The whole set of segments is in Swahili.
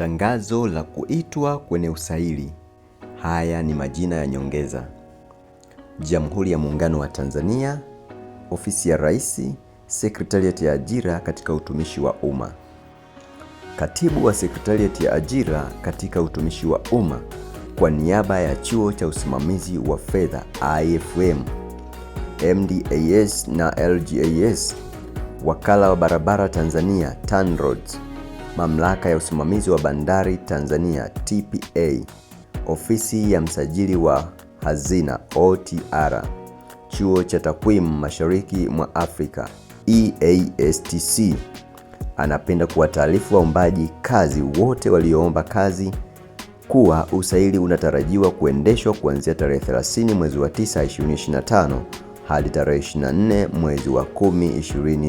Tangazo la kuitwa kwenye usaili. Haya ni majina ya nyongeza: Jamhuri ya Muungano wa Tanzania, Ofisi ya Rais, Sekretarieti ya Ajira katika Utumishi wa Umma, Katibu wa Sekretarieti ya Ajira katika Utumishi wa Umma kwa niaba ya Chuo cha Usimamizi wa Fedha IFM, MDAS na LGAS, Wakala wa Barabara Tanzania TANROADS, Mamlaka ya Usimamizi wa Bandari Tanzania TPA, Ofisi ya Msajili wa Hazina OTR, Chuo cha Takwimu Mashariki mwa Afrika EASTC anapenda kuwataarifu waombaji kazi wote walioomba kazi kuwa usaili unatarajiwa kuendeshwa kuanzia tarehe 30 mwezi wa 9 2025 hadi tarehe 24 mwezi wa 10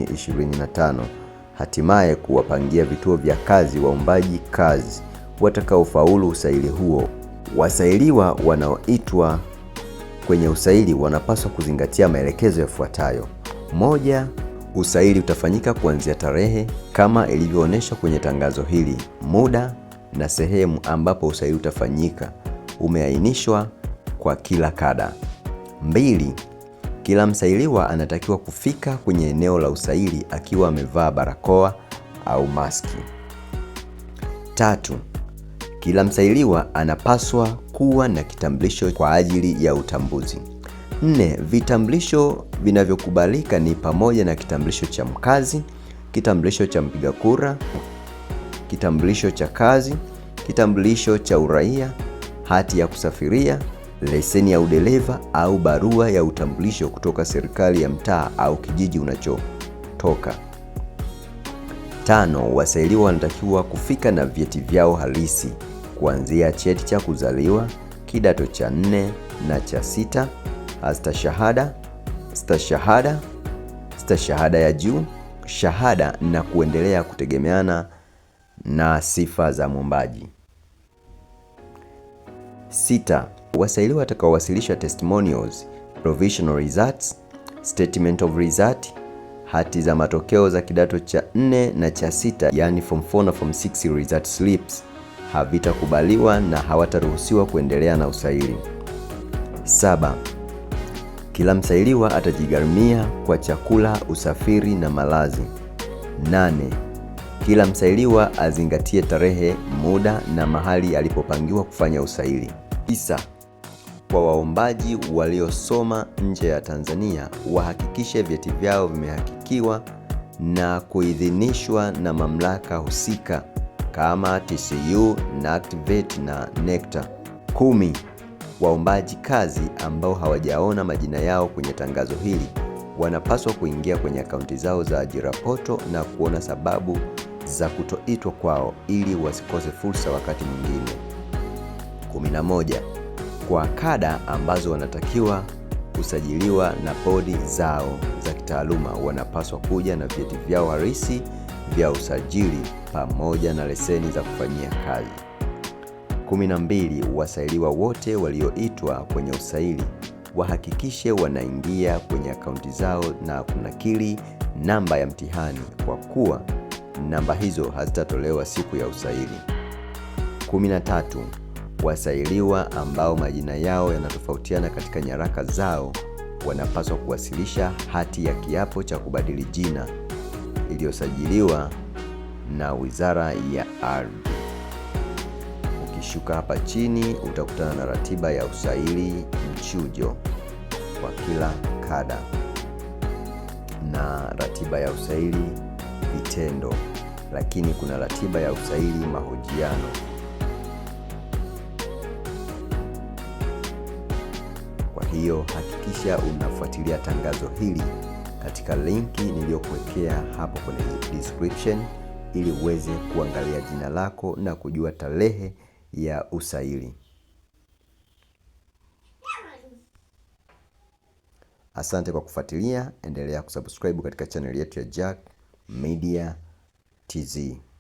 2025 hatimaye kuwapangia vituo vya kazi waombaji kazi watakaofaulu usaili huo. Wasailiwa wanaoitwa kwenye usaili wanapaswa kuzingatia maelekezo yafuatayo: moja, usaili utafanyika kuanzia tarehe kama ilivyoonyeshwa kwenye tangazo hili. Muda na sehemu ambapo usaili utafanyika umeainishwa kwa kila kada. Mbili, kila msailiwa anatakiwa kufika kwenye eneo la usaili akiwa amevaa barakoa au maski. Tatu, kila msailiwa anapaswa kuwa na kitambulisho kwa ajili ya utambuzi. Nne, vitambulisho vinavyokubalika ni pamoja na kitambulisho cha mkazi, kitambulisho cha mpiga kura, kitambulisho cha kazi, kitambulisho cha uraia, hati ya kusafiria leseni ya udereva au barua ya utambulisho kutoka serikali ya mtaa au kijiji unachotoka. Tano, wasailiwa wanatakiwa kufika na vyeti vyao halisi kuanzia cheti cha kuzaliwa, kidato cha nne na cha sita, astashahada, stashahada, stashahada ya juu, shahada na kuendelea kutegemeana na sifa za mwombaji. Sita, Wasailiwa watakaowasilisha testimonials, provisional results, statement of result, hati za matokeo za kidato cha 4 na cha 6, yani form 4 na form 6 result slips havitakubaliwa na hawataruhusiwa kuendelea na usaili. Saba, kila msailiwa atajigharamia kwa chakula, usafiri na malazi. Nane, kila msailiwa azingatie tarehe, muda na mahali alipopangiwa kufanya usaili. Tisa, kwa waombaji waliosoma nje ya Tanzania wahakikishe vyeti vyao vimehakikiwa na kuidhinishwa na mamlaka husika kama TCU, NACTVET na NECTA. Kumi, waombaji kazi ambao hawajaona majina yao kwenye tangazo hili wanapaswa kuingia kwenye akaunti zao za ajira poto na kuona sababu za kutoitwa kwao ili wasikose fursa wakati mwingine. 11 kwa kada ambazo wanatakiwa kusajiliwa na bodi zao za kitaaluma, wanapaswa kuja na vyeti vyao halisi vya usajili pamoja na leseni za kufanyia kazi. 12. Wasailiwa wote walioitwa kwenye usaili wahakikishe wanaingia kwenye akaunti zao na kunakili namba ya mtihani kwa kuwa namba hizo hazitatolewa siku ya usaili. 13 wasailiwa ambao majina yao yanatofautiana katika nyaraka zao wanapaswa kuwasilisha hati ya kiapo cha kubadili jina iliyosajiliwa na Wizara ya Ardhi. Ukishuka hapa chini utakutana na ratiba ya usaili mchujo kwa kila kada na ratiba ya usaili vitendo, lakini kuna ratiba ya usaili mahojiano. hiyo hakikisha unafuatilia tangazo hili katika linki niliyokuwekea hapo kwenye description ili uweze kuangalia jina lako na kujua tarehe ya usaili. Asante kwa kufuatilia, endelea kusubscribe katika chaneli yetu ya Jack Media TZ.